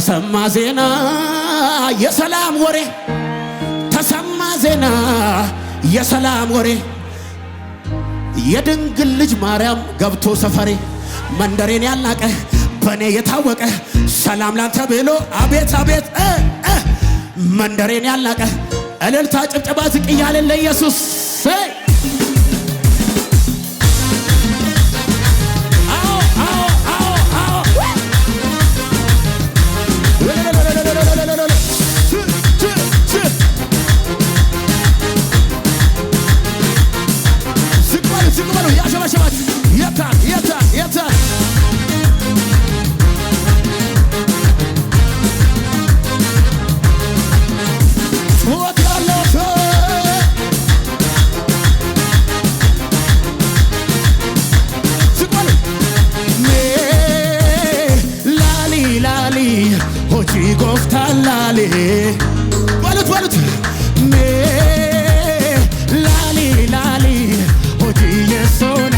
ተሰማ ዜና የሰላም ወሬ ተሰማ ዜና የሰላም ወሬ የድንግል ልጅ ማርያም ገብቶ ሰፈሬ መንደሬን ያላቀ በእኔ የታወቀ ሰላም ላንተ ብሎ አቤት አቤት መንደሬን ያላቀ እልልታ ጭብጨባ ዝቅ እያለን ለኢየሱስ ይላል ሆጂ ጎፍታላሌ በሉት በሉት ሜ ላሊ ላሊ ሆጂ የሶነ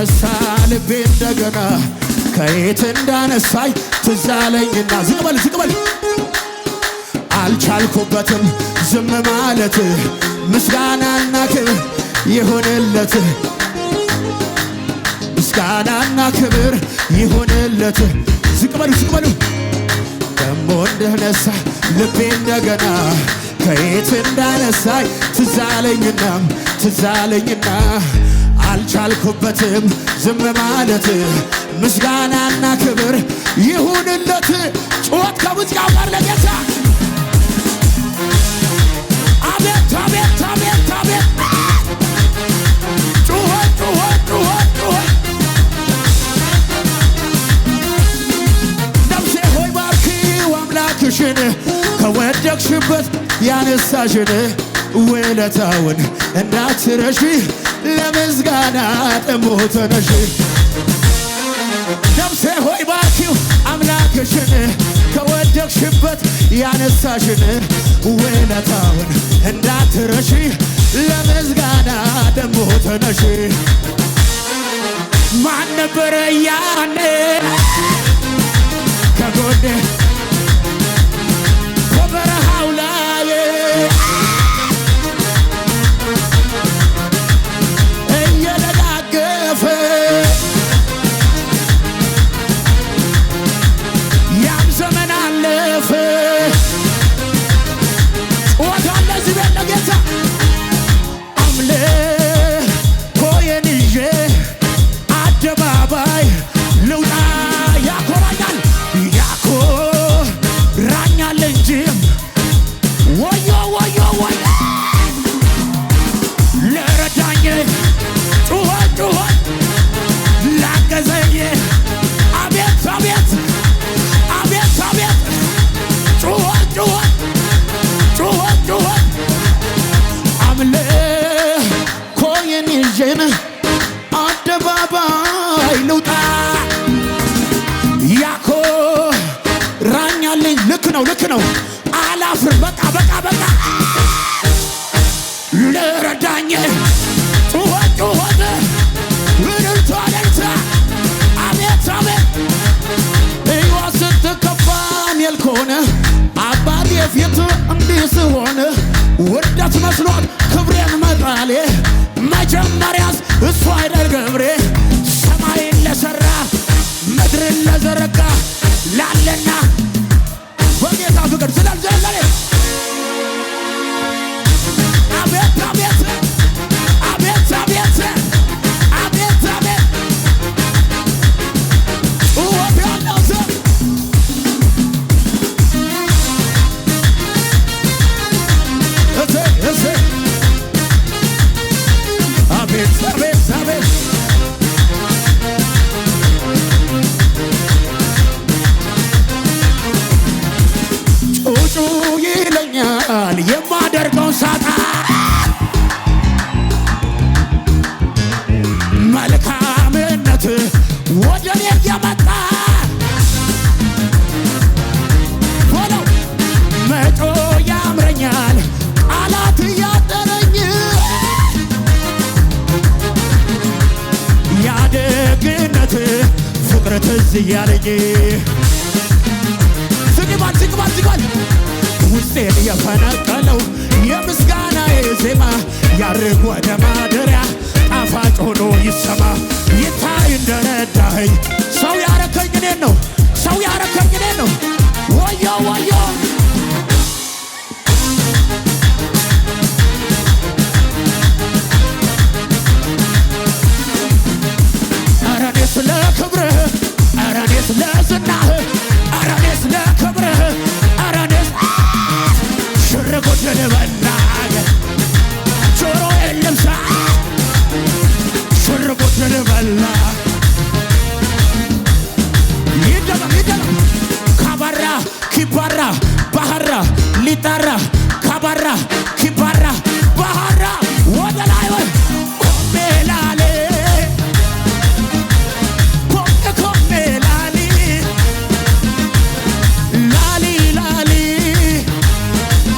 ተነሳ ልቤ እንደገና ከየት እንዳነሳይ ትዛለኝና ዝቅበል ዝቅበል አልቻልኩበትም ዝም ማለት ምስጋናና ክብር ይሁንለት ምስጋናና ክብር ይሁንለት ዝቅበሉ ዝቅበሉ ደሞ እንደነሳ ልቤ እንደገና ከየት እንዳነሳይ ትዛለኝና ትዛለኝና አልቻልኩበትም ዝም ማለት ምስጋናና ክብር ይሁንለት። ጩኸት ከሙዚቃ ጋር ለጌታ ያነሳሽን ውለታውን እንዳትረሺ ለምስጋና ደግሞ ተነሺ። ነፍሴ ሆይ ባኪው አምላክሽን ከወደቅሽበት ያነሳሽን ውለታውን እንዳትረሺ ለምስጋና ደግሞ ተነሺ። ማን ነበረ ያኔ ከጎኔ ብለህ ቆየን ይዤን አደባባይ ልውጣ ያኮ ራኛልኝ ልክ ነው ልክ ነው አላፍር በቃ በቃ በቃ ለረዳኝ ጩኸት ስትከፋ ሜል ከሆነ አባቴ ፊት እንዲህ ስሆን ውርደት መስሎት ክብሬን መጣሌ መጀመሪያስ እሱ አይደል ገብሬ ሰማይን ለሰራ ምድርን ለዘረጋ ላለና በጌታ ፍቅር ስለዘለለ ጎንሳታ መልካምነት ወደ እኔ እየመጣ ሆኖ መጦ ያምረኛል ቃላት እያጠረኝ ያደግነት ፍቅር ትዝ እያለኝ አርግ ወደ ማደሪያ ጣፋጭ ሆኖ ይሰማ ይታይ እንደረዳኸኝ ሰው ያረከኝ እኔን ነው ሰው ያረከኝ እኔን ነው ወዮ ወዮ ኧረ እኔ ስለ ክብርህ ኧረ እኔ